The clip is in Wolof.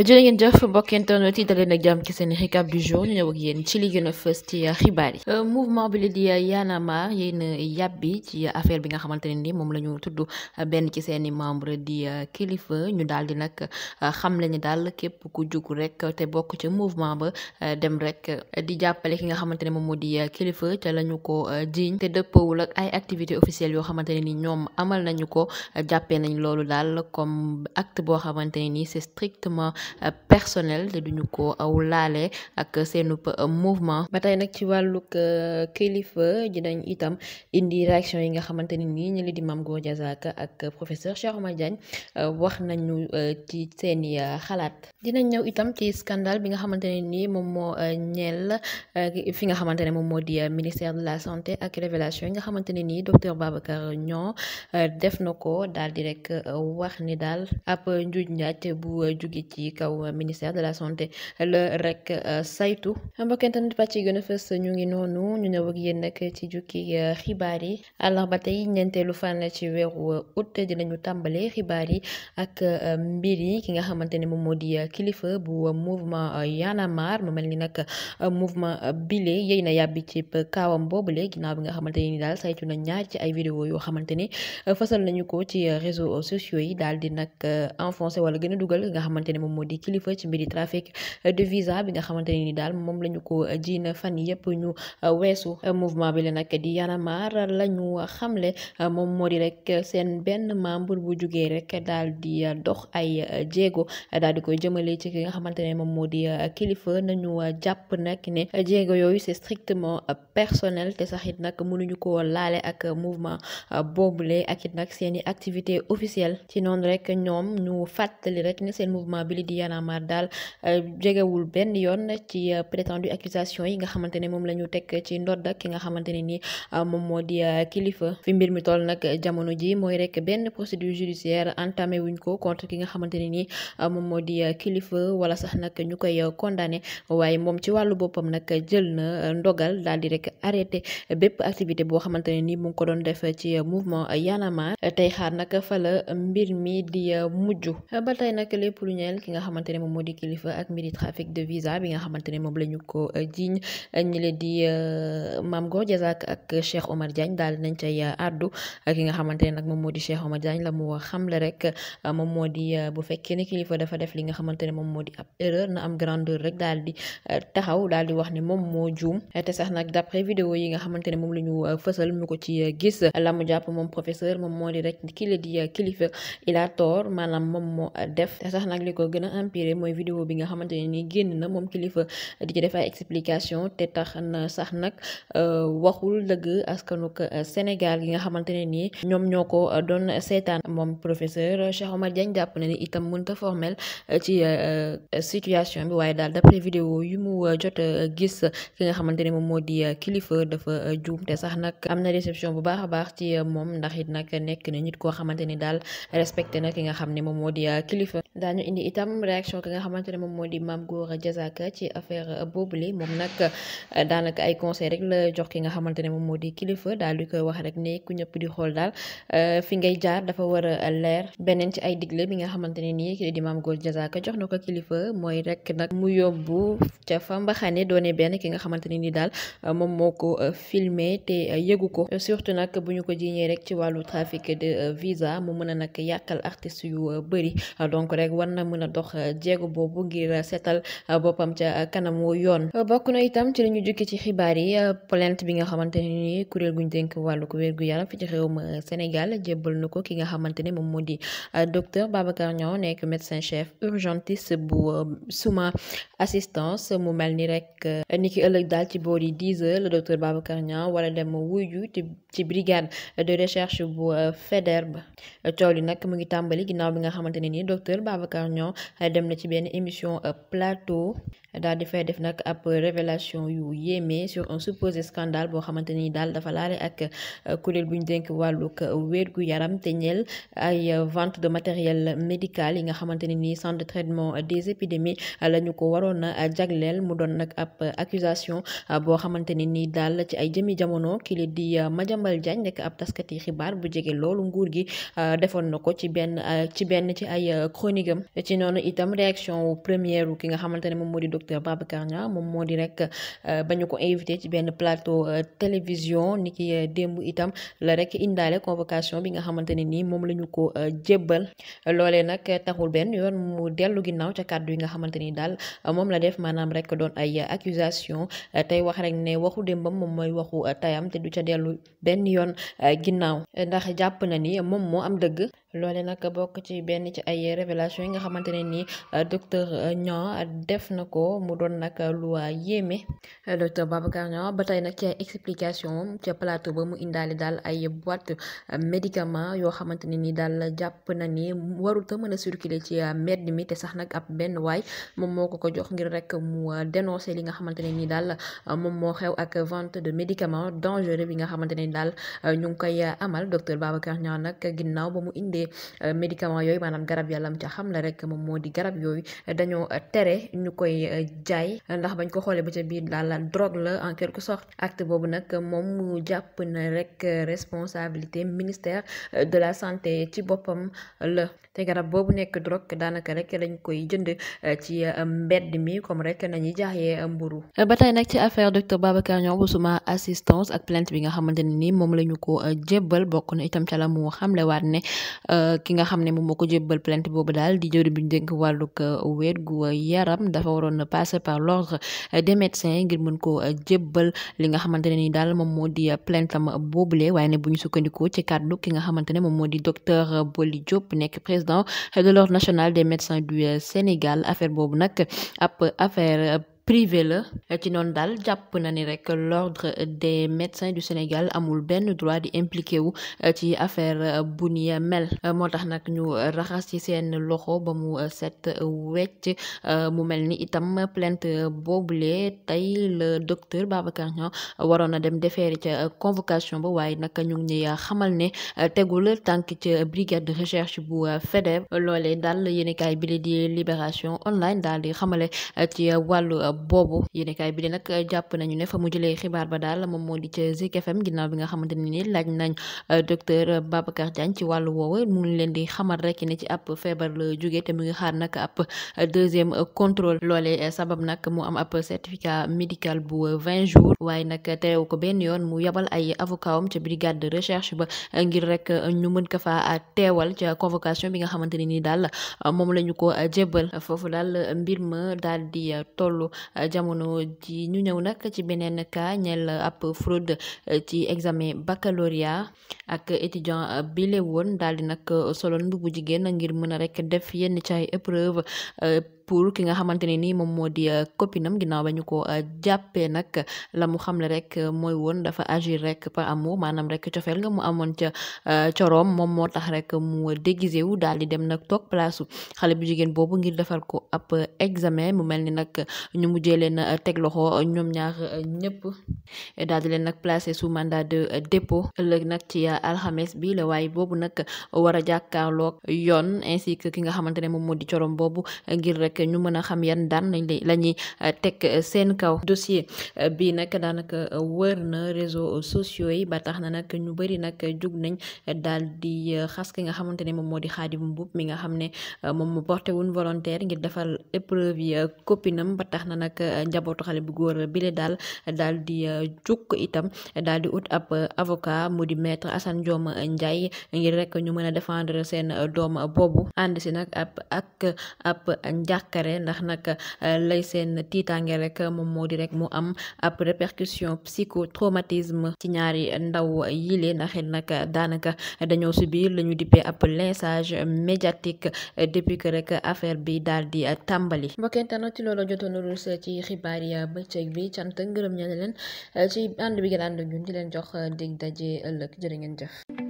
Euh, jërë ngeen jëf mbokk internet yi daleen ak jàmm ci seen récap du jour ñu ñëw ak yéen ci li gën a fës ci xibaar yi euh, mouvement bi la di Y'en a marre yéen ci affaire bi nga xamante ne ni moom la ñu tudd benn ci seen i membre di euh, kilifa ñu daal di nag xam le ni daal képp ku jug rek te bokk ci mouvement ba dem rek di jàppale ki nga xamante ne moom moo di kilifa ca la ñu ko jiiñ te dëppawul ak ay activités officielles yoo xamante ne ni ñoom amal nañu ko jàppee nañ loolu daal comme acte boo xamante ne ni c'est strictement Euh, personnel te duñu ko aw euh, laale ak seenu euh, mouvement ba tey nag ci wàllug kilifa dinañ itam indi réaction yi nga xamante ni nii ñi di Mame Gor Diazaka ak professeur Cheikh Oumar Diagne wax nañu ci seeni xalaat dina ñëw itam ci scandale bi nga xamante ne nii moom moo ñeel fi nga xamante ne moom moo di ministère de la santé ak révélation yi nga xamante ne nii docteur Babacar Niang def na ko daal rek wax ni daal ab njuuj njaaj bu jóge ci ci kaw ministère de la santé la rek euh, saytu mbokk internet pàcc yi gën a fës ñu ngi noonu ñu ñëw ak yéen nag ci jukki euh, xibaar yi alors ba tey ñeenteelu fan ci weeru euh, août dinañu tàmbale xibaar yi ak mbir yi ki nga xamante ne moom moo di kilifa bu mouvement Y'en a marre mu mel ni nag mouvement bile yey na yàbbi ci kaawam boobule ginnaaw bi nga xamante ni daal saytu na ñaar ci ay vidéo yoo xamante ne fësal nañu ko ci réseaux sociaux yi daal di nag enfoncé wala gën a dugal nga xamante ne moom moo di kilifa ci mbiri trafic de visa bi nga xamante ni daal moom la ñu ko jiina fan yëpp ñu uh, weesu uh, mouvement bi la nag di Y'en a la ñu xamle uh, moom moo di rek seen benn membre bu jugee rek daal di dox ay jéego daal di koy jëmalee ci ki nga xamante ne moom moo di kilifa nañu jàpp nag ne jéego yooyu c'est strictement personnel te sax it nag mënuñu ko laale ak mouvement boobule akit it nag seen activité officielle ci noonu rek ñoom ñu fàttali rek ne seen mouvement di Y'en a marre daal eh, jegewul benn yoon ci eh, prétendu accusation yi nga xamante ne moom la ñu teg ci ndodd ki nga xamante ne ni eh, moom moo di kilifa fi mbir mi toll nag jamono ji mooy rek benn procédure judiciaire entamé wuñ ko contre ki nga xamante ne ni moom moo di kilifa wala sax nag ñu koy condamné waaye moom ci wàllu boppam nag jël na ndogal daal di rek arrêté bépp activité boo xamante ne ni mu ngi ko doon def ci mouvement Y'en a marre tey xaar nag fa la mbir mi di mujj ba tey nag lépp ki nga nga xamante ne moom moo di kilifa ak mbiri trafic de visa bi nga xamante ne moom la ñu ki nga xamante ne nag moom moo di Cheikh Omar Diagne la mu xamle rek eh, moom moo di eh, bu fekkee ne kilifa dafa def li nga xamante ne moom moo di ab erreur na am grandeur rek daal di eh, di wax ne moom moo juum te sax nag d'après vidéo yi nga xamante ne moom la ñu fësal ko ci gis la mu jàpp moom moo maanaam moom moo def te sax nag li ko gën empiré mooy vidéo bi nga xamante ne nii génn na moom kilifa di ci def ay explication te tax na sax nag euh, waxul dëgg askanuk euh, Sénégal gi nga xamante ne nii ñoom ñoo ko euh, doon seetaan moom professeur Cheikh Omar Diagne jàpp na ni itam mënut a formel ci situation bi waaye daal d'après vidéo yu mu jot gis ki nga xamante ne moom moo di kilifa dafa juum te sax nag am na déception bu baax a baax ci moom ndax it nag nekk na nit koo xamante ni daal respecté na ki nga xam ne moom moo di kilifa daañu indi itam am réaction ki nga xamante ne moom moo di Mame Gora Diazaka ci affaire boobule moom nag euh, daanaka ay conseil rek la jox ki nga xamante ne moom moo di kilifa daal di koy wax rek ne ku ñëpp di xool daal euh, fi ngay jaar dafa war a leer beneen ci ay digle bi nga xamante ne nii di Mame Gora jox na ko kilifa mooy rek nag mu yóbbu ca fa mbaxane doone benn ki nga xamante ne nii daal euh, moom moo ko filmer te yëgu ko surtout nag bu ñu ko jiiñee rek ci wàllu trafic de visa mu mën a nag yàqal artist yu bëri donc rek war na mën a dox dox euh, jéego boobu ngir seetal euh, boppam ca kanamu yoon bokk na itam ci lañu ñu jukki ci xibaar yi euh, plainte bi nga xamante ni kuréel guñ dénk wàllu ko wér gu yaram fi ci ma Sénégal jébbal na ko ki nga xamante ne moom moo di docteur Babacar Niang nekk médecin chef urgentiste bu suma assistance mu mel ni rek ni ki ëllëg daal ci boor yi dix la le docteur Babacar Niang wala dem wuyu ci brigade de recherche bu Faidherbe coow li nag mu ngi tàmbali ginnaaw bi nga xamante ne ni docteur Babacar Niang dem na ci benn émission euh, plateau daal di fay def nag ab révélation yu yéeme sur un supposé scandale boo xamante ni daal dafa laale ak euh, kuréel bu ñu dénk wàllug wérgu yaram te ñeel ay euh, vente de matériel médical yi nga xamante ne nii centre de traitement des épidémies la ñu ko waroon na jagleel mu doon nag ab accusation boo xamante ne nii daal ci ay jëmi jamono ki li di Madiambal Diagne nekk ab taskati xibaar bu jege loolu nguur gi defoon na ko ci benn ci benn ci ay noonu itam réaction wu première ki nga xamante ne moom moo di docteur Babacar moom moo di rek euh, ba ñu ko invité ci benn plateau euh, télévision ni ki euh, démb itam la rek indaale convocation bi nga xamante ne nii moom la ñu ko jébbal loolee nag taxul benn yoon mu dellu ginnaaw ca kàddu yi nga xamante ni daal moom la def maanaam rek doon ay accusation tey wax rek ne waxu démbam moom mooy waxu tayam te du ca dellu benn yoon ginnaaw ndax jàpp na ni moom moo am dëgg loole nag bokk ci benn ci ay révélation yi nga xamante ne nii euh, docteur euh, Niang def na ko mu doon nag lu yéeme euh, docteur Babacar Niang ba tey nag ca ay explication ca plateau ba mu indaale daal ay boîte médicament yoo xamante ne nii daal jàpp na ni waruta mën a circuler ci mbedd mi te sax nag ab benn waay moom moo ko ko jox ngir rek mu dénoncer li nga xamante ne nii daal moom moo xew ak vente de médicament dangereux bi nga xamante ni daal ñu ngi koy amal docteur Babacar Niang nag ginnaaw ba mu indee yooyee euh, médicament yooyu maanaam garab yàlla mu ca xam la rek moom moo di garab yooyu dañoo tere ñu koy euh, jaay ndax bañ ko xoolee ba ca biir daal la drogue la en quelque sorte acte boobu nag moom mu jàpp na rek euh, responsabilité ministère de la santé ci boppam la te garab boobu nekk drogue daanaka rek dañ koy jënd ci mbedd mi comme rek nañu jaaxee mburu ba tey nag ci affaire docteur Babacar Niang bu suma assistance ak plainte bi nga xamante ne ni moom la ko jébbal bokk Euh, ki nga xam ne moom moo ko jébbal plainte boobu daal di jëwri bi ñu dénk wàllug euh, wér gu yaram dafa waroon passer par l'ordre euh, des médecins ngir mën ko jébbal li nga xamante ne ni daal moom moo di plainte am boobule waaye ne bu ñu sukkandikoo ci kàddu ki nga xamante ne moom moo di docteur Boli Diop nekk président de l'ordre national des médecins du Sénégal affaire boobu nag ab affaire privé la ci noonu daal jàpp na ni rek l'ordre des médecins du Sénégal amul benn droit di impliqué wu euh, ci affaire euh, bu ni mel euh, moo tax nag ñu raxas ci seen loxo ba mu set wecc mu mel ni itam plainte boobule tey le docteur Babacar Niang waroon na dem defeeri ca convocation ba waaye nag ñu ngi xamal ne tegul tànk ca brigade de recherche bu FEDEB loolee daal yéenekaay bi di libération online daal xamale ci wàllu boobu yéenekaay bi de nag jàpp nañu ne fa mu jëlee xibaar ba daal moom moo di ca Zik FM ginnaaw bi nga xamante ne ni laaj nañ euh, docteur Babacar Diagne ci wàllu woowu mu ngi leen di xamal rek ne ci app feebar la jógee te mu ngi xaar nag app euh, deuxième contrôle loole sabab nag mu am app certificat médical bu vingt jours waaye nag terew ko benn yoon mu yebal ay avocat ca brigade de recherche ba euh, ngir rek ñu mën ko fa teewal ca convocation bi nga xamante ne ni daal moom la ko jébbal foofu daal mbir ma daal di toll Euh, jamono ji ñu ñëw nag ci beneen cas ñel euh, ab fraude euh, ci examen baccalauréat ak étudiant bile woon daal di nag solo ndubu jigéen ngir mën a rekk def yenn ci épreuve pour ki nga xamante ne ni moom moo di euh, copinam ginnaaw ba ñu ko euh, jàppee nag la mu xam xamle rek euh, mooy woon dafa agir rek par amour maanaam rek cofeel nga mu amoon ca coroom moom moo tax rek mu déguisé wu daal di dem nag toog place xale bu jigéen boobu ngir defal ko ab examen mu mel ni nag ñu mujjee leen teg ñoom ñaar ñëpp daal di leen nag placé sous mandat de dépôt ëllëg nag ci alxames bi la waaye boobu nag war a yoon ainsi ki nga xamante moom moo di coroom boobu ngir rek ñu mën a xam yan daan lañ la ñuy euh, teg euh, seen kaw dossier euh, bii nag daanaka wër na réseaux sociaux yi ba tax na nag ñu bëri nag jug nañ daal di xas ki nga xamante ne moom moo di Khadim Mboup mi nga xam ne moom mu porté woon volontaire ngir defal épreuve yi copinam ba tax na nag njabootu xale bu góor bile daal daal di jukk itam daal di ut ab avocat mu di maître Assane Dioma Ndiaye ngir rek ñu mën a défendre seen doom boobu ànd si nag ab ak ab njàq Akare ndax nag euh, lay seen tiitaange rek moom moo di rek mu am ab répercussion psychotraumatisme ci ñaari ndaw yile ndax it nag daanaka dañoo subir la ñu dippee ab lynchage médiatique depuis que rek affaire bi daal di tàmbali. mbokkente nag ci loolu jotoon na ruus ci xibaar yi bëccëg bi cant ngërëm ña leen ci ànd bi ngeen ànd ñun di leen jox dig daje ëllëg jërë ngeen jëf.